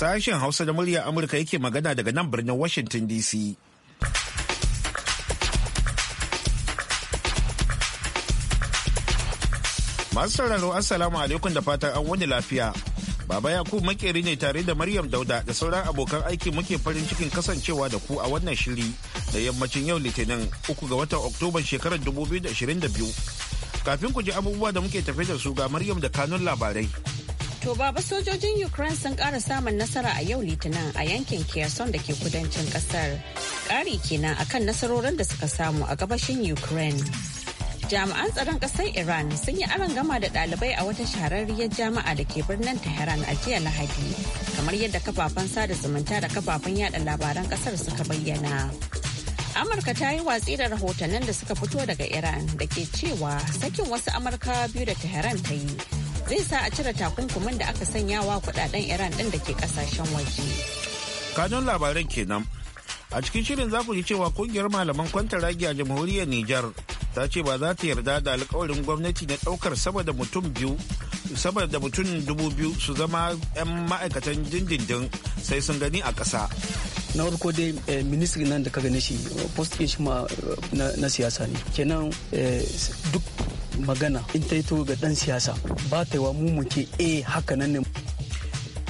Sashen Hausa da murya Amurka yake magana daga nan birnin Washington DC. Masu sauraro Assalamu alaikum da fatan an wani lafiya. Baba Yakubu makeri ne tare da Maryam Dauda da sauran abokan aiki muke farin cikin kasancewa da ku a wannan shiri da yammacin yau Litinin uku ga watan Oktoba shekarar 2022. Kafin ku ji abubuwa da muke tafe da su ga Maryam da kanun labarai. To baba sojojin Ukraine sun kara samun nasara a yau Litinin a yankin Kherson da ke kudancin kasar. Kari kenan akan nasarorin da suka samu a gabashin Ukraine. Jami'an tsaron ƙasar Iran sun yi aron gama da ɗalibai a wata shahararriyar jami'a da ke birnin Tehran a jiya Lahadi, kamar yadda kafafen sada zumunta da kafafen yada labaran ƙasar suka bayyana. Amurka ta yi watsi da rahotannin da suka fito daga Iran da ke cewa sakin wasu Amurka biyu da Tehran ta yi zai sa a cire takunkumin da aka sanya wa kudaden iran din da ke kasashen waje kanun labaran kenan a cikin shirin za ku ji cewa kungiyar malaman ragi a jamhuriyar nijar ta ce ba za ta yarda da alkawarin gwamnati na daukar sama da mutum biyu sama da mutum dubu biyu su zama 'yan ma'aikatan dindindin sai sun gani a ƙasa na farko dai eh, ministry nan da ka gane shi post shi ma eh, na siyasa ne kenan eh, duk magana in ta to ga dan siyasa ba ta wa muke eh haka nan ne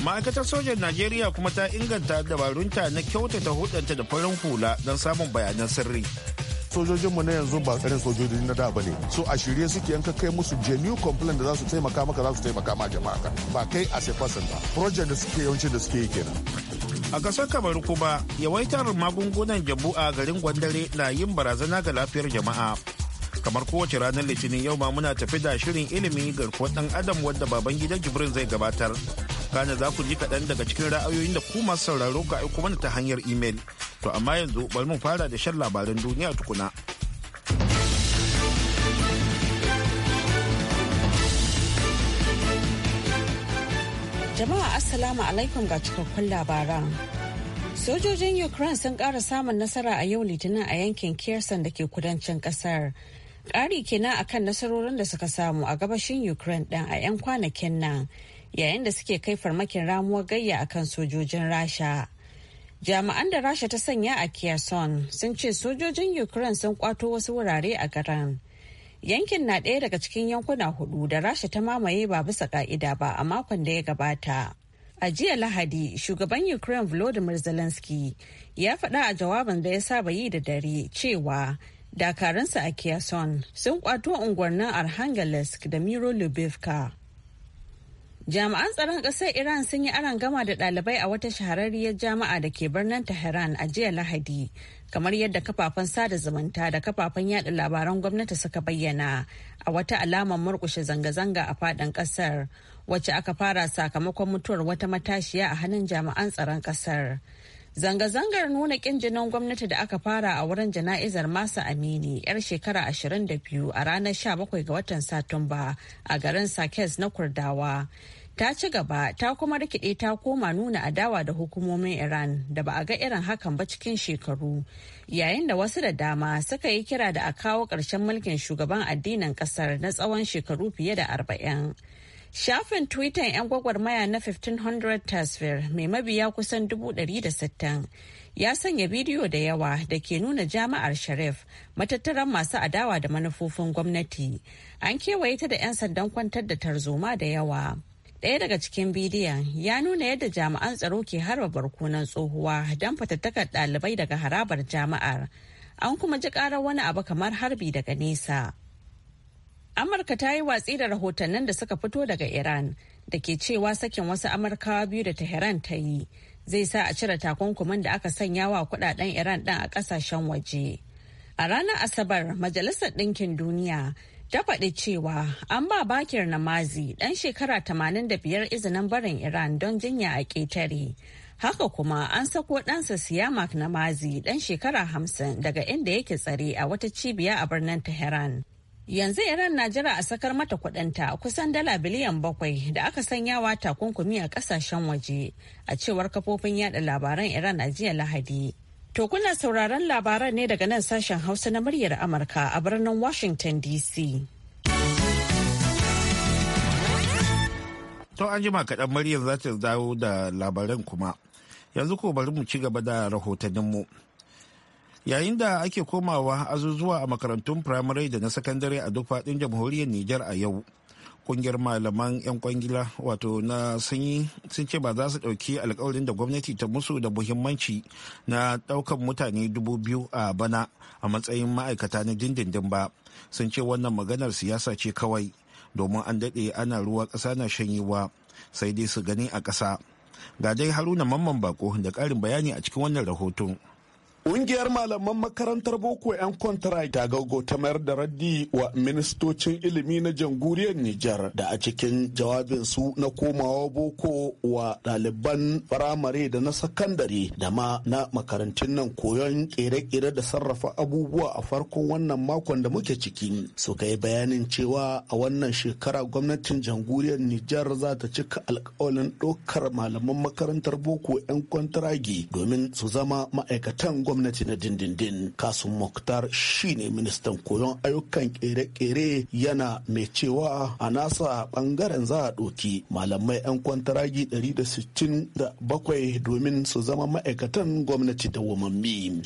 ma'aikatar sojan najeriya kuma ta inganta dabarunta na kyautata hudanta da farin hula don samun bayanan sirri sojojinmu na yanzu ba karin sojoji na da ba ne so a shirye suke yanka kai musu genuine complaint da za su taimaka maka za su taimaka ma jama'a ba kai a sai ba project da suke yawanci da suke yi kenan a kasar kamar kuma yawaitar magungunan jabu a garin gwandare na yin barazana ga lafiyar jama'a kamar kowace ranar litinin yau ma muna tafi da shirin ilimi ga dan adam wadda baban gida jibrin zai gabatar kana za ku ji kaɗan daga cikin ra'ayoyin da kuma masu sauraro ka aiko mana ta hanyar imel to amma yanzu bari mu fara da shan labaran duniya tukuna jama'a assalamu alaikum ga cikakkun labaran Sojojin Ukraine sun ƙara samun nasara a yau Litinin a yankin Kherson da ke kudancin ƙasar ƙari kenan kan nasarorin da suka samu a gabashin ukraine ɗin a 'yan kwanakin nan yayin da suke kai farmakin ramuwar gayya akan sojojin rasha jami'an da rasha ta sanya a kherson sun ce sojojin ukraine sun kwato wasu wurare a garin yankin na ɗaya daga cikin yankuna hudu da rasha ta mamaye ba bisa ka'ida ba a makon da ya gabata a jiya lahadi shugaban ukraine volodymyr zelensky ya faɗa a jawabin da ya saba yi da dare cewa dakaransa a Kiason sun kwato unguwannin arhangelsk da miro lubivka jami'an tsaron ƙasar iran sun yi aron gama da ɗalibai a wata shahararriyar jama'a da ke birnin tehran a jiya lahadi kamar yadda kafafen sada zumunta da kafafen yada labaran gwamnati suka bayyana a wata alamar murkushe zanga-zanga a faɗin ƙasar wacce aka fara sakamakon mutuwar wata matashiya a hannun jami'an tsaron ƙasar. Zanga-zangar nuna ƙin jinin gwamnati da aka fara a wurin jana'izar Masa Amini 'yar shekara 22 a ranar 17 ga watan Satumba a garin Sakes na Kurdawa. Ta ci gaba ta kuma rikide ta koma nuna adawa da hukumomin Iran da ba a ga irin hakan ba cikin shekaru. Yayin da wasu da dama suka yi kira da a kawo ƙarshen mulkin shugaban addinin ƙasar na tsawon shekaru fiye da arba'in. Shafin Twitter 'yan gwagwarmaya na 1500 Tasvir mai mabiya kusan 160 ya sanya bidiyo da yawa da ke nuna jama'ar Sharif matattaran masu adawa da manufofin gwamnati. An kewaye ta da 'yan sandan kwantar da tarzoma da yawa. Ɗaya daga cikin bidiyon ya nuna yadda jami'an tsaro ke harba barkunan tsohuwa don fatattakar ɗalibai daga harabar jama'ar An kuma ji ƙarar wani abu kamar harbi daga nesa. Amurka ta yi watsi da rahotannin da suka fito daga Iran da ke cewa sakin wasu Amurkawa biyu da Tehran ta yi zai sa a cire takunkumin da aka sanya wa kudaden Iran ɗin a ƙasashen waje. A ranar Asabar, Majalisar Ɗinkin Duniya ta faɗi cewa an ba Bakir Namazi ɗan shekara tamanin da biyar izinin barin Iran don jinya a ƙetare. Haka kuma an sako ɗansa Siyamak Namazi ɗan shekara hamsin daga inda yake tsare a wata cibiya a birnin Tehran. Yanzu Iran na jira a sakar mata kudinta kusan dala biliyan bakwai da aka sanyawa takunkumi a kasashen waje a cewar kafofin yada labaran Iran a jiya Lahadi. To kuna sauraron labaran ne daga nan sashen Hausa na muryar Amurka a birnin Washington DC. To an jima kaɗan muryar za ta dawo da labaran kuma. Yanzu ko bari mu ci gaba da rahotanninmu. mu. yayin da ake komawa azuzuwa a makarantun firamare da na sakandare a duk faɗin jamhuriyar niger a yau kungiyar malaman 'yan kwangila wato na sanyi sun ce ba za su ɗauki alkawarin da gwamnati ta musu da muhimmanci na ɗaukan mutane dubu biyu a bana a matsayin ma'aikata na dindindin ba sun ce wannan maganar siyasa ce kawai domin an daɗe ana ruwa ƙasa na shanyewa sai dai su gani a ƙasa ga dai haruna mamman bako da ƙarin bayani a cikin wannan rahoton Ƙungiyar malaman makarantar Boko 'yan kwantara ta gago ta mayar da raddi wa ministocin ilimi na jamhuriyar Nijar da a cikin jawabinsu na komawa Boko wa ɗaliban firamare da na sakandare da ma na makarantun nan koyon ƙere-ƙere da sarrafa abubuwa a farkon wannan makon da muke ciki. Suka yi bayanin cewa a wannan shekara gwamnatin jamhuriyar Nijar za ta cika alƙawalin ɗaukar malaman makarantar Boko 'yan kwantaragi domin su zama ma'aikatan gwamnati na dindindin kasun muktar shine ministan koyon ayyukan kere-kere yana mai cewa a nasa bangaren za a doki malamai 'yan kwantaragi 167 domin su zama ma'aikatan gwamnati da wamammi.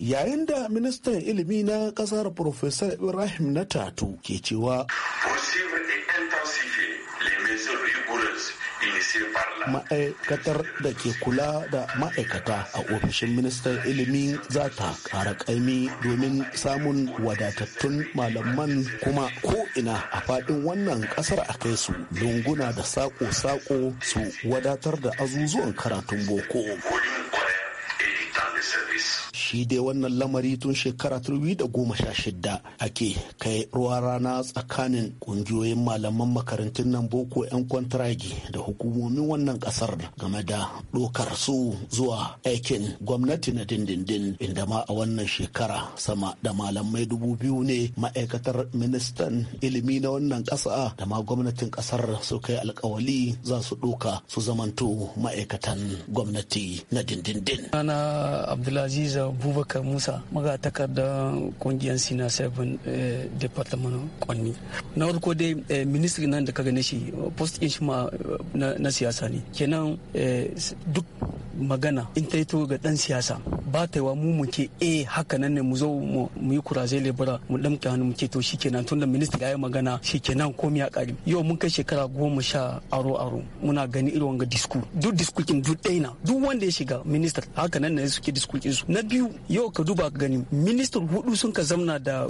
Yayin da ministan ilimi na kasar Professor Ibrahim tatu ke cewa. ma'aikatar da ke kula da ma'aikata a ofishin ministan ilimi za ta kara kaimi domin samun wadatattun malaman kuma ko'ina a fadin wannan kasar a kai su lunguna da sako-sako su wadatar da azuzuwan karatun boko. shi dai wannan lamari tun shekara da goma sha shidda ake kai ruwa rana tsakanin kungiyoyin malaman makarantun nan boko 'yan kwantaragi da hukumomin wannan kasar game da dokar su zuwa aikin gwamnati na dindindin inda ma a wannan shekara sama da malamai dubu biyu ne ma'aikatar ministan ilimi na wannan ƙasa da ma gwamnatin ƙasar su kai alkawali za su ɗoka su zamanto ma'aikatan gwamnati na dindindin. Ana Abdulaziz abubakar musa maga takarda kungiyar sina 7 eh, departament kwanni na farko dai eh, ministry nan da kaga gane shi post in shi ma na siyasa ne kenan eh, duk magana in ta to ga dan siyasa ba ta wa mu muke eh haka nan ne mu zo mu yi zai lebura mu damke hannu muke to shikenan tunda ministry ya yi magana shikenan komai ya kari yau mun kai shekara goma sha aro aro muna gani irin wanga disku duk diskukin duk ɗaya duk wanda ya shiga minister haka nan ne suke diskukin su na biyu yau ka duba ka gani ministan hudu sun ka zamna da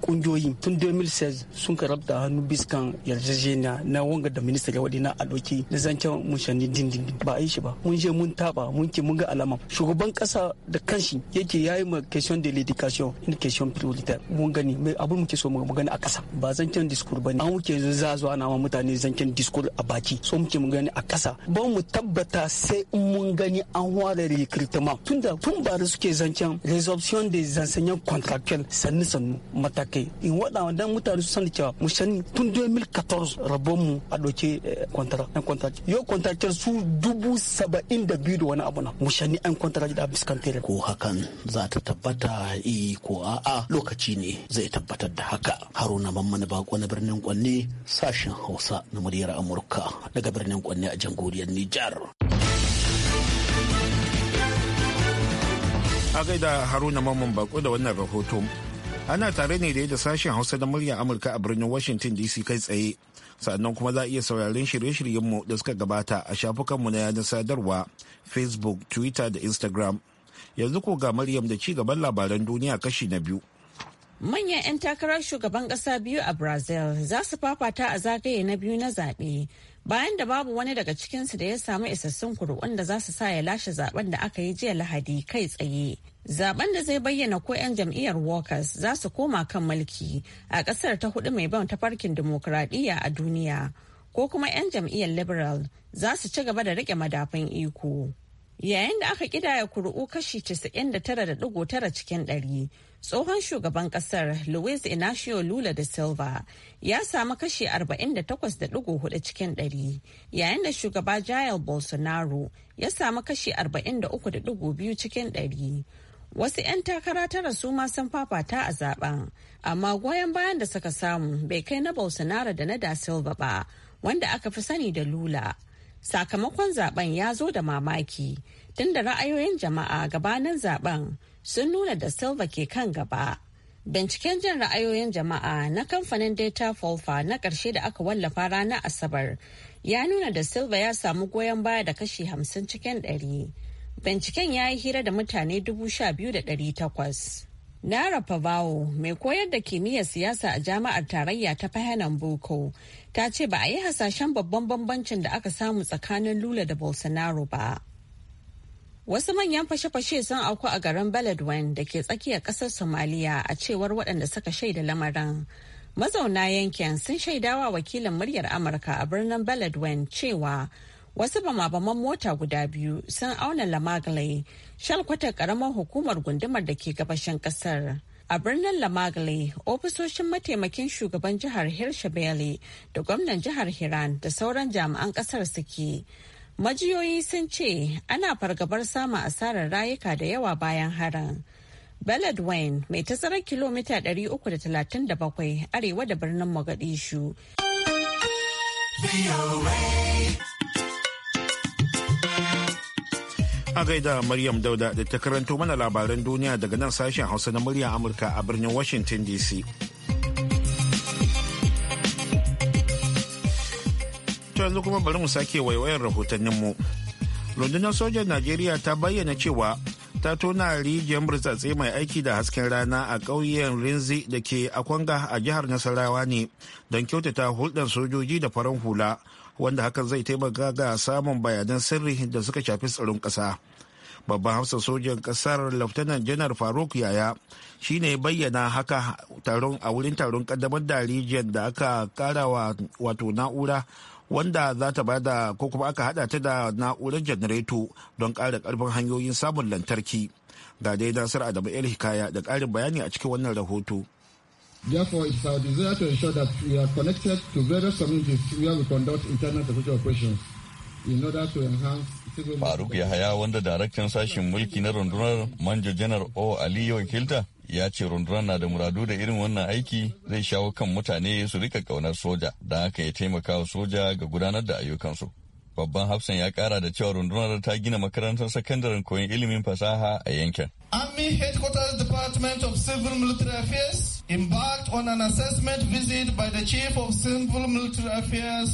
kungiyoyi tun 2006 sun ka rabta hannu biskan yarjejeniya na wanga da ministan ya wadi na aloki na zancen mushanni dindindin ba a yi shi ba mun je mun taba mun ke mun ga alama shugaban kasa da kanshi yake yayi ma question de l'education in question prioritaire mun gani mai abin muke so mu gani a kasa ba zancen discours bane an muke yanzu zazo ana ma mutane zancen discours a baki so muke mun gani a kasa ba mu tabbata sai mun gani an ware recruitment tunda tun ba da suke zancen zancen resorption des enseignants contractuels sannu sannu matake in wada wadan mutane su san cewa mu sani tun 2014 rabon mu a doke contract yan contract yau kwantara su dubu saba da biyu da wani abu na mu sani an contract da biskantere ko hakan za ta tabbata i eh, ko a'a lokaci ne zai tabbatar da haka haruna mamman bako na birnin kwanne sashen hausa na muryar amurka daga birnin kwanne a jamhuriyar nijar. a gaida haruna mamman bako da wannan rahoto ana tare ne da sashen hausa da muryar amurka a birnin washington dc kai tsaye sannan kuma za a iya sauraron shirye-shiryenmu da suka gabata a shafukanmu na yanar sadarwa facebook twitter da instagram yanzu ko ga maryam da ci gaban labaran duniya kashi na biyu Manyan 'yan takarar shugaban ƙasa biyu a Brazil za su fafata a zagaye na biyu na zaɓe bayan da babu wani daga cikinsu da ya samu isassun kuri'un da za su sa ya lashe zaben da aka yi jiya Lahadi kai tsaye. Zaben da zai bayyana ko 'yan jam'iyyar Workers za su koma kan mulki a ƙasar ta hudu mai ban tafarkin dimokuraɗiyya a duniya ko kuma 'yan jam'iyyar Liberal za su ci gaba da riƙe madafun iko. Yayin da aka kidaya kuri'u kashi 99.9 cikin ɗari, tsohon shugaban kasar Luis Inacio Lula da Silva ya samu kashi 48.4 cikin dari yayin da shugaba Jair Bolsonaro ya samu kashi 43.2 cikin ɗari. Wasu 'yan takara tara su ma sun fafata a zaben, amma goyon bayan da suka samu bai kai na Bolsonaro da na da Silva ba, wanda aka fi sani da Lula. sakamakon zaben ya zo da mamaki tunda ra'ayoyin jama'a gabanin zaben sun nuna da silva ke kan gaba binciken jin ra'ayoyin jama'a na kamfanin data folfa na ƙarshe da aka wallafa ranar asabar ya nuna da silva ya samu goyon baya da kashi hamsin cikin ɗari binciken ya yi hira da mutane dubu sha biyu da ɗari takwas Nara Pavawo, mai koyar da kimiyyar siyasa a jami'ar tarayya ta fahimtar Boko, ta ce ba a yi hasashen babban bambancin da aka samu tsakanin Lula da Bolsonaro ba. Wasu manyan fashe-fashe sun auku a garin Beledweyne da ke tsakiyar ƙasar somalia a cewar waɗanda suka shaida lamarin. Mazauna yankin sun shaidawa wakilin muryar Amurka a birnin Beledweyne cewa wasu bamabaman mota guda biyu sun auna shal shalkwatar karamar hukumar gundumar da ke gabashin kasar a birnin lamaglai ofisoshin mataimakin shugaban jihar hirshabeli da gwamnan jihar hiran da sauran jami'an kasar suke majiyoyi sun ce ana fargabar samun asarar rayuka da yawa bayan harin Ballad Wayne mai tazarar kilomita 337 arewa da birnin magadishu. A gaida Maryam Dauda da ta karanto mana labaran duniya daga nan sashen Hausa na murya Amurka a birnin Washington DC. yanzu kuma bari mu sake waiwayar rahotanninmu. Rundunar sojan Najeriya ta bayyana cewa ta tona rijiyar burtsatse mai aiki da hasken rana a ƙauyen Rinzi da ke Akwanga a jihar Nasarawa ne don kyautata hulɗar sojoji da farar hula wanda hakan zai taimaka ga samun bayanan sirri da suka shafi tsaron ƙasa. babban hafsa sojan kasar laftanan janar faruk yaya shine bayyana haka taron a wurin taron kaddamar da rijiyar da aka kara wato na'ura wanda za ta bada ko kuma aka hada ta da na'urar janareto don kara karfin hanyoyin samun lantarki ga dai nasir adamu el hikaya da karin bayani a cikin wannan rahoto Therefore, it's our desire to ensure that we are connected to various communities where we conduct internal security operations in order to enhance Faruk Yahaya wanda daraktan sashen mulki na rundunar Manjo Janar O Aliyu Kilta ya ce rundunar na da muradu da irin wannan aiki zai shawo kan mutane su rika kaunar soja da haka ya taimaka wa soja ga gudanar da ayyukansu. Babban Hafsan ya kara da cewa rundunar ta gina makarantar sakandaren koyon ilimin fasaha a yankin. Army Headquarters Department of Civil Military Affairs embarked on an assessment visit by the Chief of Civil Military Affairs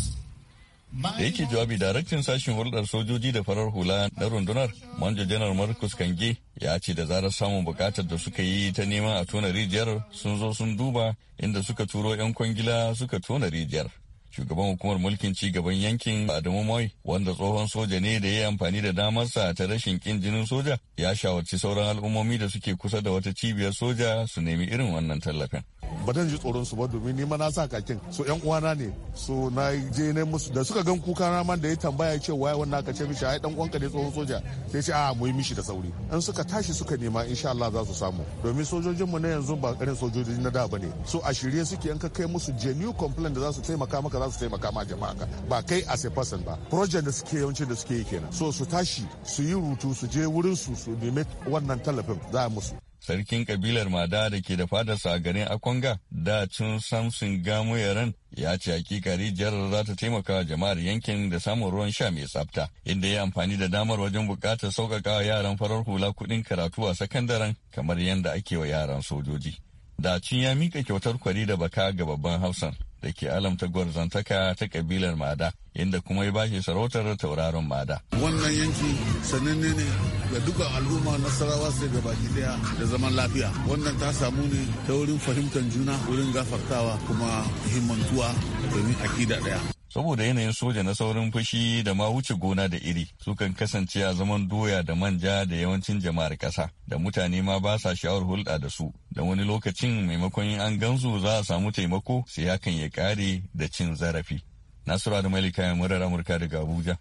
da yake jawabi daraktan sashen hulɗar sojoji da farar hula na rundunar manjo janar marcus kange ya ce da zarar samun bukatar da suka yi ta neman a tona rijiyar sun zo sun duba inda suka turo 'yan kwangila suka tona rijiyar shugaban hukumar mulkin ci gaban yankin Adamu Moi wanda tsohon soja ne da ya yi amfani da damarsa ta rashin kin jinin soja ya shawarci sauran al'ummomi da suke kusa da wata cibiyar soja su nemi irin wannan tallafin. Ba zan ji tsoron su ba domin ni ma na sa kakin so yan uwana ne so na je ne musu da suka gan kuka na man da ya tambaya ce wai wannan aka ce mishi ai dan uwanka ne tsohon soja sai ce a mu yi mishi da sauri an suka tashi suka nema insha Allah za su samu domin mu na yanzu ba karin sojoji na da bane so a shirye suke an kai musu genuine complaint da za su taimaka maka za su taimaka ma jama'a ba kai as a ba project da suke yawanci da suke yi kenan so su tashi su yi rutu su je wurin su su nemi wannan tallafin za musu sarkin kabilar mada da ke da fadarsa a garin akwanga da cin samson gamo yaran ya ce hakika rijiyar za ta taimaka wa jama'ar yankin da samun ruwan sha mai tsafta inda ya amfani da damar wajen bukatar sauƙaƙa wa yaran farar hula kuɗin karatu a sakandaren kamar yadda ake wa yaran sojoji da cin ya mika kyautar kwari da baka ga babban hausan da ke alamta gwarzantaka ta kabilar mada inda kuma ya bashi sarautar tauraron mada. Wannan yanki sananne ne ga duka al'umma nasarawa sai ga baki daya da zaman lafiya. Wannan ta samu ne ta wurin fahimtar juna wurin gafartawa kuma himmantuwa domin akida daya. saboda yanayin soja na saurin fushi da ma wuce gona da iri sukan kasance a zaman doya da manja da yawancin jama'ar ƙasa da mutane ma ba sa sha'awar hulɗa da su da wani lokacin maimakon yin an gansu za a samu taimako sai hakan ya kare da cin zarafi nasiru adamu ya murar amurka daga abuja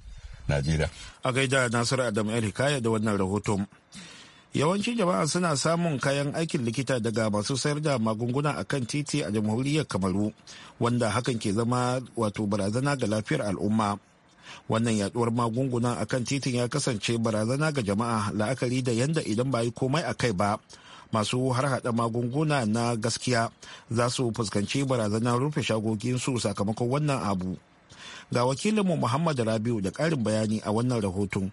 najeriya a gaida nasiru adamu ya da wannan rahoton yawancin jama'a suna samun kayan aikin likita daga masu sayar da magunguna a kan titi a jamhuriyar kamaru wanda hakan ke zama wato barazana ga lafiyar al'umma wannan yaduwar magunguna a kan titin ya kasance barazana ga jama'a la'akari da yanda idan ba yi komai a kai ba masu harhaɗa magunguna na gaskiya za su fuskanci barazana rufe shagoginsu sakamakon wannan abu ga wakilinmu muhammad rabiu da ƙarin bayani a wannan rahoton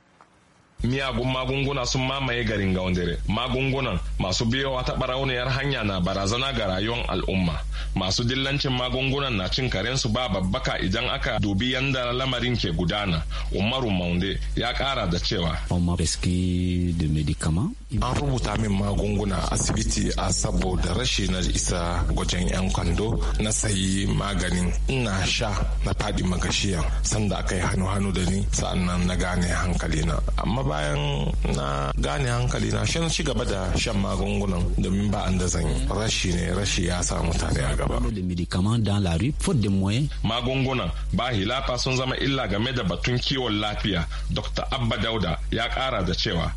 miyagun magunguna sun mamaye garin gaundare magungunan masu biyowa ta barauniyar hanya na barazana ga rayuwar al'umma masu dillancin magungunan na cin karensu ba babbaka idan aka dubi yanda lamarin ke gudana umaru maunde ya kara da cewa an rubuta min magunguna asibiti a saboda rashi na isa gwajen yan kwando na sayi maganin ina sha na fadi magashiya sanda aka yi hannu-hannu da ni sa'annan na gane hankali na amma bayan na gane hankali na shan ci gaba da shan magungunan domin ba an da zan rashi ne rashi ya sa mutane a gaba magungunan ba hilafa sun zama illa game da batun kiwon lafiya dr abba dauda ya kara da cewa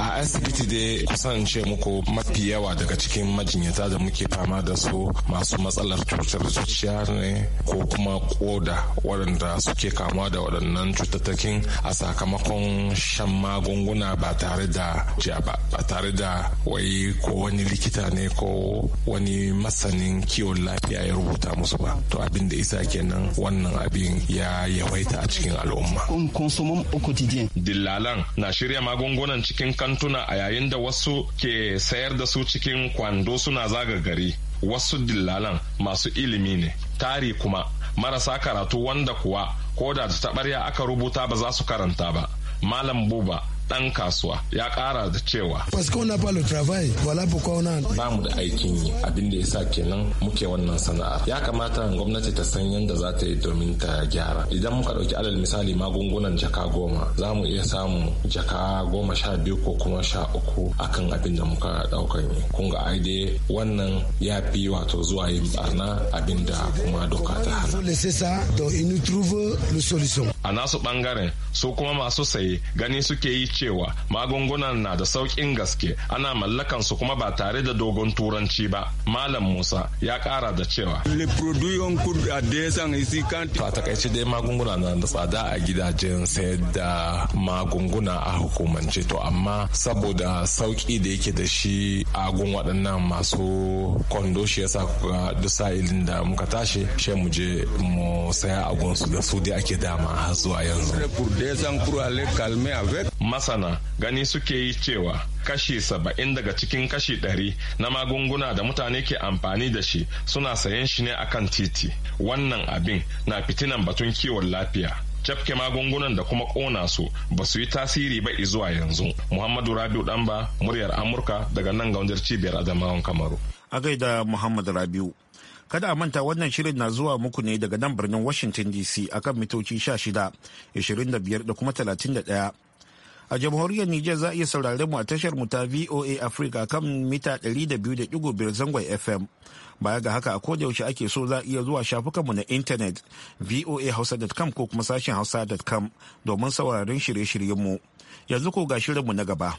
a asibiti dai kusance muku mafi yawa daga cikin majinyata da muke fama da su masu matsalar cutar zuciya ne ko kuma koda waɗanda suke kamuwa da waɗannan cutattakin a sakamakon shan magunguna ba tare da jiya ba ba tare da wai ko wani likita ne ko wani masanin kiwon lafiya ya rubuta musu ba to abin da isa kenan wannan abin ya yawaita a cikin al'umma dillalan na shirya magungunan cikin kantuna a yayin da wasu ke sayar da su cikin kwando suna zaga gari wasu dillalan masu ilimi ne tari kuma marasa karatu wanda kuwa ko da ta ɓarya aka rubuta ba za su karanta ba malam buba Ɗan kasuwa ya kara da cewa ba mu da aikin yi abin da yasa kenan muke wannan sana'ar ya kamata gwamnati ta san yadda za ta yi domin ta gyara idan muka dauki alal misali magungunan jaka goma za mu iya samun jaka goma sha biyu ko kuma sha uku akan abin da muka daukan yi kun ga ai dai wannan ya fi wato zuwa yin barna abin da kuma doka ta hana a nasu bangaren su kuma masu saye gani suke yi cewa magungunan na da sauƙin gaske ana mallakan su kuma ba tare da dogon turanci ba malam musa ya ƙara da cewa a takaice dai magunguna na da tsada a gidajen sayar da magunguna a hukumance to amma saboda sauƙi da yake da shi agun waɗannan masu kwando shi yasa kuka duk sa'ilin da muka tashi shi mu je mu saya agunsu da su dai ake dama hatsu a yanzu. Masana gani suke yi cewa kashi saba'in daga cikin kashi ɗari na magunguna da mutane ke amfani da shi suna sayen shi ne akan titi. Wannan abin na fitinan batun kiwon lafiya. cafke magungunan da kuma kona su ba su yi tasiri ba zuwa yanzu. Muhammadu Rabiu Ɗanba, muryar Amurka daga nan ga cibiyar Adamawan Kamaru. A gaida Muhammadu Rabiu. Kada a manta wannan shirin na zuwa muku ne daga nan birnin Washington DC akan mitoci 16, 25 da kuma 31. A jamhuriyar Nijar za a iya saurare mu a tashar mu ta VOA Africa kan mita 200.5 zangon FM. Baya ga haka a yaushe ake so za a iya zuwa shafukanmu na intanet voahausa.com ko kuma sashen hausa.com domin sauraron shirye-shiryenmu. Yanzu ko ga shirinmu na gaba.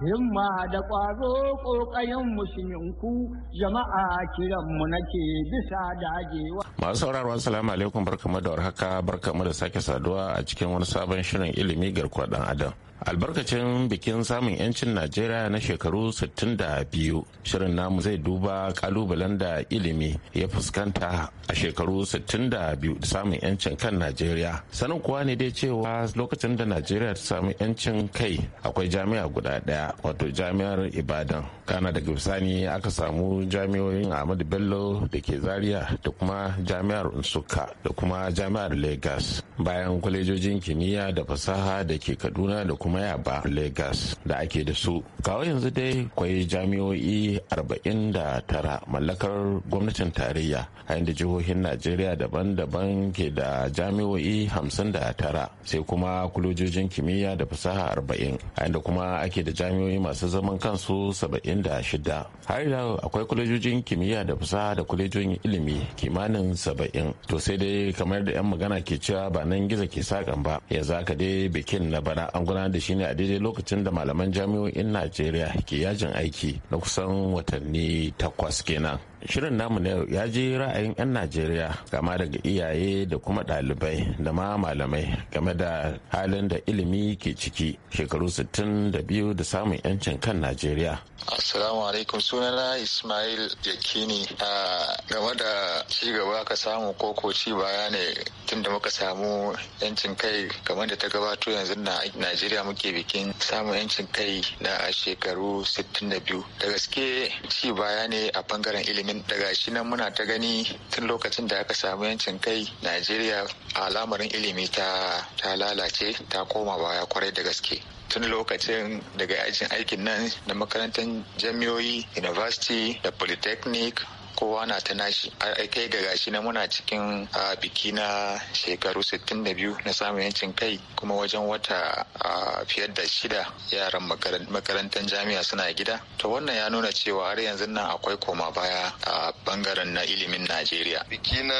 himma da ƙwazo ƙoƙayen musulminku jama'a kiranmu nake bisa dagewa. Masu sauraro assalamu alaikum barkamu da warhaka barkamu da sake saduwa a cikin wani sabon shirin ilimi garkuwa ɗan adam. albarkacin bikin samun 'yancin najeriya na shekaru 62 shirin namu zai duba kalubalen da ilimi ya fuskanta a shekaru 62 da samun 'yancin kan najeriya sanin kuwa ne dai cewa lokacin da najeriya ta samu 'yancin kai akwai jami'a guda daya wato jami'ar ibadan kana daga bisani aka samu jami'oyin ahmadu bello da ke zaria da kuma jami'ar unsuka da kuma jami'ar Legas bayan kwalejojin kimiyya da fasaha da ke kaduna da kuma yaba Legas da ake da su kawo yanzu dai kwai jami'o'i 49 mallakar gwamnatin tarayya a inda jihohin najeriya daban-daban ke da jami'o'i 59 sai kuma kwalejojin kimiyya da fasaha 40 a inda kuma ake da jami'o'i hanyoyi masu zaman kansu 76 har yau akwai kwalejojin kimiyya da fasaha da kwalejojin ilimi kimanin 70 to sai dai kamar da 'yan magana ke cewa ba nan gizo ke sakan ba yanzu ka dai bikin na bana an gudanar da shi ne a daidai lokacin da malaman jami'o'in najeriya ke yajin aiki na kusan watanni takwas kenan shirin namu na yau ya je ra'ayin 'yan najeriya kama daga iyaye da kuma ɗalibai da ma malamai game da halin da ilimi ke ciki shekaru 62 da samun 'yancin kan najeriya assalamu alaikum sunana ismail yakini a game da cigaba ka samu koko ci baya ne tun da muka samu 'yancin kai kamar da ta gabato yanzu na najeriya muke bikin samun 'yancin kai na shekaru 62 da gaske ci baya ne a bangaren ilimi domin daga shi nan muna ta gani tun lokacin da aka samu yancin kai najeriya a lamarin ilimi ta lalace ta koma baya kwarai da gaske tun lokacin daga yajin aikin nan da makarantar jami'oi university da polytechnic kowa na ta nashi a kai ga gashi na muna cikin biki na shekaru 62 na samun yancin kai kuma wajen wata fiye da shida yaran makarantar jami'a suna gida to wannan ya nuna cewa har yanzu nan akwai koma baya a bangaren na ilimin najeriya biki na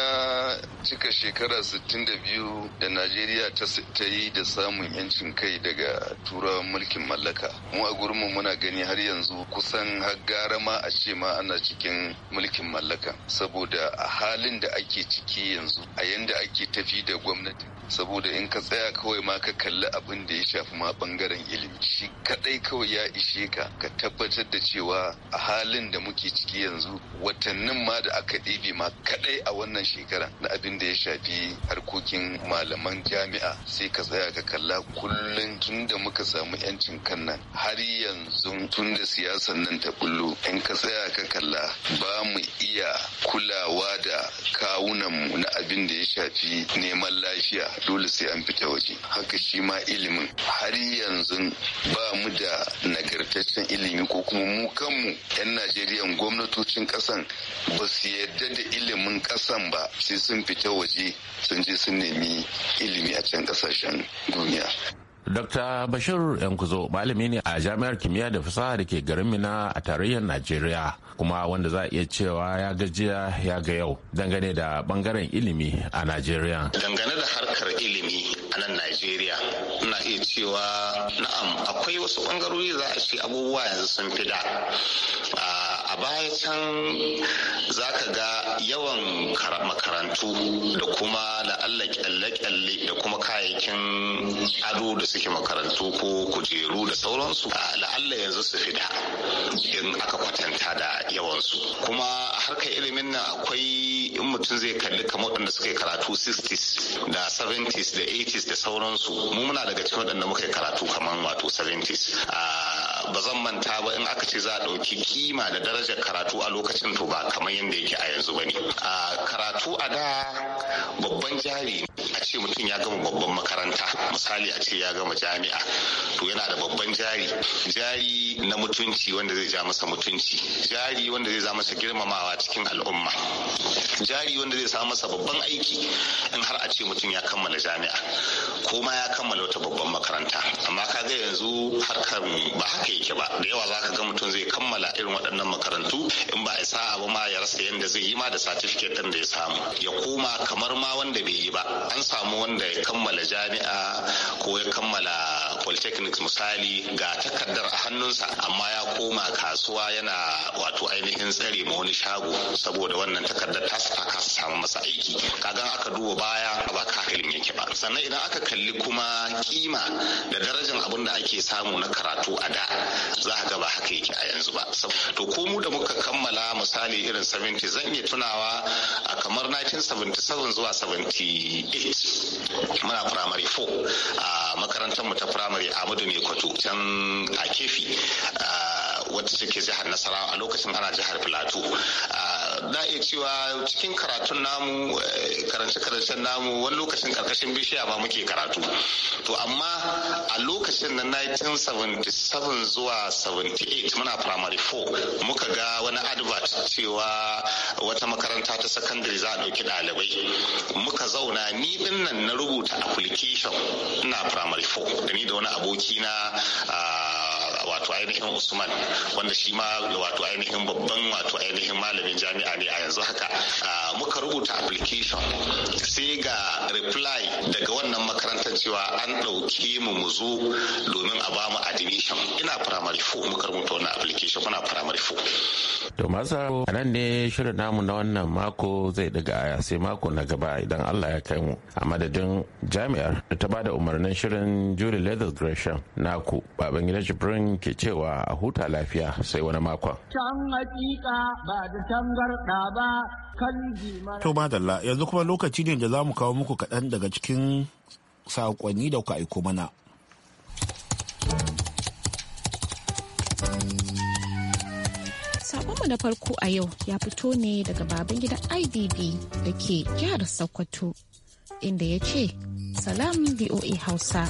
cika shekara 62 da najeriya ta yi da samun yancin kai daga turawan mulkin mallaka mu a gurinmu muna gani har yanzu kusan har gara ma a ce ma ana cikin mulkin mallaka saboda a halin da ake ciki yanzu a yanda ake tafi da gwamnati saboda in ka tsaya kawai ma ka kalli abin da ya shafi ma bangaren ilimi shi kadai kawai ya ishe ka ka tabbatar da cewa a halin da muke ciki yanzu watannin ma da aka ɗebe ma kadai a wannan shekara na abin da ya shafi harkokin malaman jami'a sai ka tsaya ka kalla kullum tun da muka samu yancin kan nan har yanzu tun da siyasan nan ta bullo in ka tsaya ka kalla ba mu iya kulawa da kawunanmu na abin da ya shafi neman lafiya dole sai an fita waje haka shi ma ilimin har yanzu ba mu da nagartaccen ilimi ko kuma mu kanmu 'yan najeriya gwamnatocin kasan ba su yarda da ilimin kasan ba sai sun fita waje sun je sun nemi ilimi a can kasashen duniya Dr. Bashir Yankuzo malami ne a jami'ar kimiyya da fasaha da ke garin Mina a tarayyar Najeriya kuma wanda za a iya cewa ya gajiya ya ga yau dangane da bangaren ilimi a Najeriya. Dangane da harkar ilimi a nan Najeriya na iya cewa na'am akwai wasu bangarori za a ce abubuwa yanzu sun fi da. Ah, a baya can za ka ga yawan makarantu da kuma la'alla kyalle-kyalle da kuma kayayyakin ado da suke makarantu ko kujeru da sauransu la'alla yanzu su fita in aka kwatanta da yawansu kuma harkar ilimin nan akwai in mutum zai kalli kamar waɗanda suka yi karatu 60s da 70s da 80s da sauransu mu muna daga cikin waɗanda muka karatu kamar wato 70s ba zan manta ba in aka ce za a ɗauki kima da darajar karatu a lokacin to ba kamar yadda yake a yanzu ba ne a karatu a da babban jari a ce mutum ya gama babban makaranta misali a ce ya gama jami'a to yana da babban jari jari na mutunci wanda zai ja masa mutunci jari wanda zai za masa girmamawa cikin al'umma jari wanda zai sa masa babban aiki in har a ce mutum ya kammala jami'a ko ma ya kammala wata babban makaranta amma kaga yanzu harkar ba haka yake ba da yawa zaka ga mutum zai kammala irin waɗannan makarantu in ba isa abu ma ya rasa yadda zai yi ma da certificate ɗin da ya samu ya koma kamar ma wanda bai yi ba an samu wanda ya kammala jami'a ko ya kammala polytechnics misali ga takardar a hannunsa amma ya koma kasuwa yana wato ainihin tsare ma wani shago saboda wannan takardar ta saka samu masa aiki kaga aka duba baya ba ka halin yake ba sannan idan aka kalli kuma kima da darajar abin da ake samu na karatu a da za ka ba haka yake a yanzu ba to ko mu da muka kammala misali irin 70 zan iya tunawa a kamar 1977 zuwa 78 muna primary 4 a makarantar mu ta primary firamare Ahmadu Mai Kwato can a Kefi uh, wata suke jihar Nasarawa a lokacin ana jihar Filato. Uh, za iya cewa cikin karatun namu eh, karance-karancen namu wani lokacin karkashin bishiya ba muke karatu to amma a lokacin na 1977 zuwa 78 muna primary 4 muka ga wani advert cewa wata makaranta ta secondary za a ɗauki ɗalibai muka zauna ni din nan na rubuta application ina primary 4 da ni da wani aboki na ah, ainihin usman wanda shi ma wato ainihin babban wato ainihin malamin jami'a ne a yanzu haka ah, muka rubuta application sai ga reply daga wannan makarantar cewa an ɗauki mu mu zo domin a bamu admission ina primary 4 muka rubuta wannan application muna primary 4 to masa a nan ne shirin namu na wannan mako zai daga aya sai mako na gaba idan Allah ya kai mu a madadin jami'ar da ta bada umarnin shirin Julie Leather Gresham naku baban gidan Jibrin ke cewa cewa a huta lafiya sai wani makon. Can ba da tangarɗa To madalla yanzu kuma lokaci ne da za mu kawo muku kaɗan daga cikin saƙonni da kuka aiko mana. Sakonmu na farko a yau ya fito ne daga baban gidan IDB da ke jihar Sokoto inda ya ce, Salam VOA Hausa.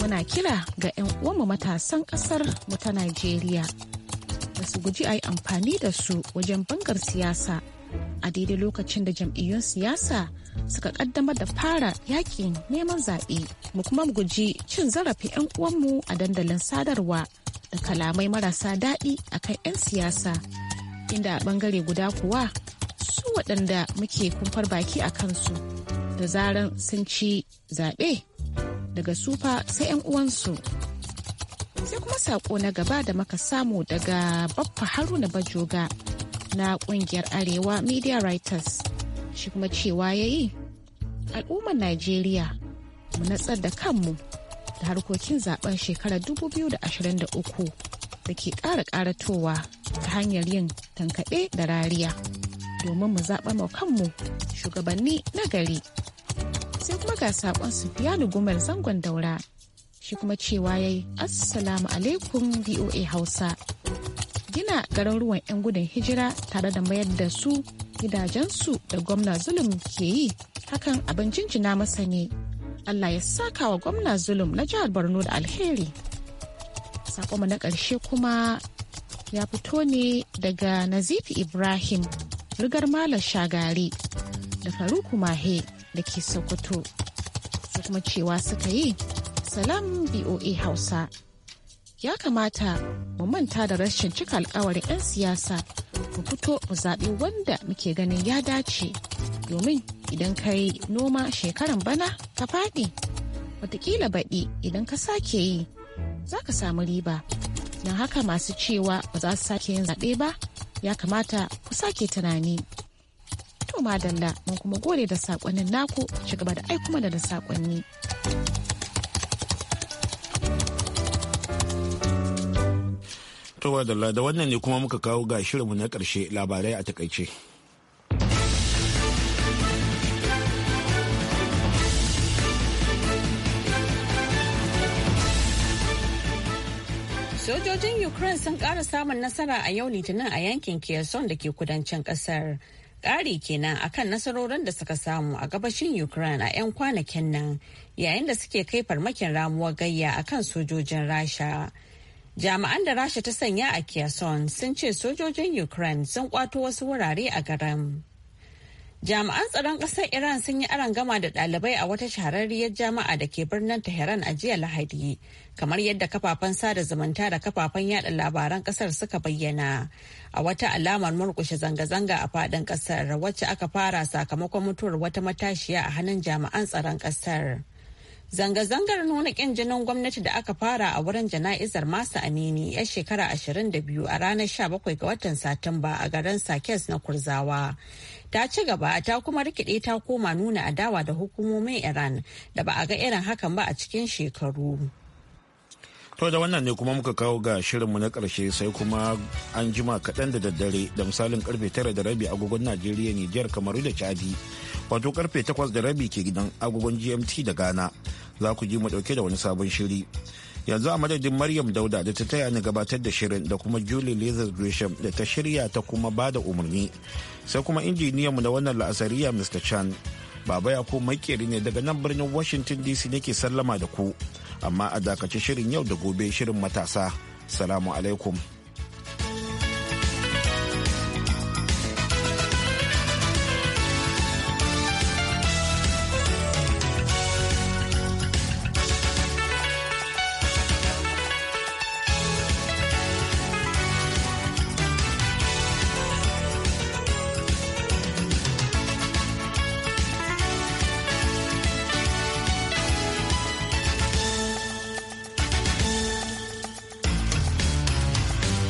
muna kira ga 'yan uwanmu matasan kasar mu ta Najeriya da su guji a yi amfani da su wajen bangar siyasa a daidai lokacin da jam'iyyun siyasa suka kaddamar da fara yakin neman zaɓe mu kuma mu guji cin zarafi 'yan uwanmu a dandalin sadarwa da kalamai marasa daɗi a akan 'yan siyasa inda a bangare guda kuwa su waɗanda muke kumfar baki a kansu da zaran sun ci zaɓe daga sufa sai 'yan uwansu sai kuma sako na gaba da maka samu daga baffa haruna bajoga na kungiyar arewa media writers shi kuma cewa ya yi al'ummar najeriya mu natsar da kanmu da harkokin zaben shekarar 2023 da ke ƙara ƙaratowa ta hanyar yin tankaɗe da rariya domin mu zaɓa kanmu shugabanni na gari. sai kuma ga sakon Sufiyanu Gumar zangon daura. Shi kuma cewa yayi Assalamu alaikum VOA Hausa. Gina garuruwan 'yan gudun hijira tare da mayar da su gidajensu da gwamna zulum ke yi hakan abin jinjina masa ne. Allah ya saka wa gwamna zulum na jihar Borno da alheri. Sakonmu na ƙarshe kuma ya fito ne daga Nazifi Ibrahim, rigar Malam Shagari da Faruku Mahe. da ke Sokoto. Su kuma cewa suka yi, Salam BOA Hausa. Ya kamata mu manta da rashin cika alkawarin 'yan siyasa mu fito mu zaɓi wanda muke ganin ya dace domin idan ka yi noma shekaran bana ka faɗi watakila baɗi idan ka sake yi za ka samu riba don haka masu cewa ba za su sake yin zaɓe ba ya kamata ku sake tunani. To madalla mun kuma gode da sakonni naku ci gaba da ai mana da sakonni. To madalla da wannan ne kuma muka kawo ga shirinmu na karshe labarai a takaice. Sojojin Ukraine sun ƙara samun nasara a yau Litinin a yankin Kherson da ke kudancin ƙasar. Ƙari kenan akan nasarorin da suka samu a gabashin Ukraine a 'yan kwanakin nan yayin da suke kai farmakin ramuwar gayya akan sojojin Rasha. Jami'an da Rasha ta sanya a Kherson sun ce sojojin Ukraine sun kwato wasu wurare a garin. Jami'an tsaron ƙasar Iran sun yi gama da ɗalibai a wata shahararriyar jama'a da ke birnin Tehran a jiya Lahadi, kamar yadda kafafen sada zumunta da kafafen yada labaran ƙasar suka bayyana. A wata alamar murkushe zanga-zanga a faɗin ƙasar wacce aka fara sakamakon mutuwar wata matashiya a hannun jami'an tsaron ƙasar. Zanga-zangar nuna ƙin jinin gwamnati da aka fara a wurin jana'izar Masa Amini ya shekara 22 a ranar 17 ga watan Satumba a garin Sakes na Kurzawa. Ta ci gaba ta kuma rikide ta koma nuna adawa da hukumomin Iran da ba a ga irin hakan ba a cikin shekaru. To da wannan ne kuma muka kawo ga shirinmu na karshe sai kuma an jima kaɗan da daddare da misalin karfe tara da rabi agogon Najeriya Nijar Kamaru da Chadi. wato karfe 8 da rabi ke gidan agogon gmt da ghana za ku ji mu dauke da wani sabon shiri yanzu a madadin maryam dauda da ta taya ni gabatar da shirin da kuma julie lizard gresham da ta shirya ta kuma ba da umarni sai kuma mu na wannan la'asariya mr chan baba ya ko makeri ne daga nan birnin washington dc nake sallama da ku amma a dakace shirin yau da gobe shirin matasa salamu alaikum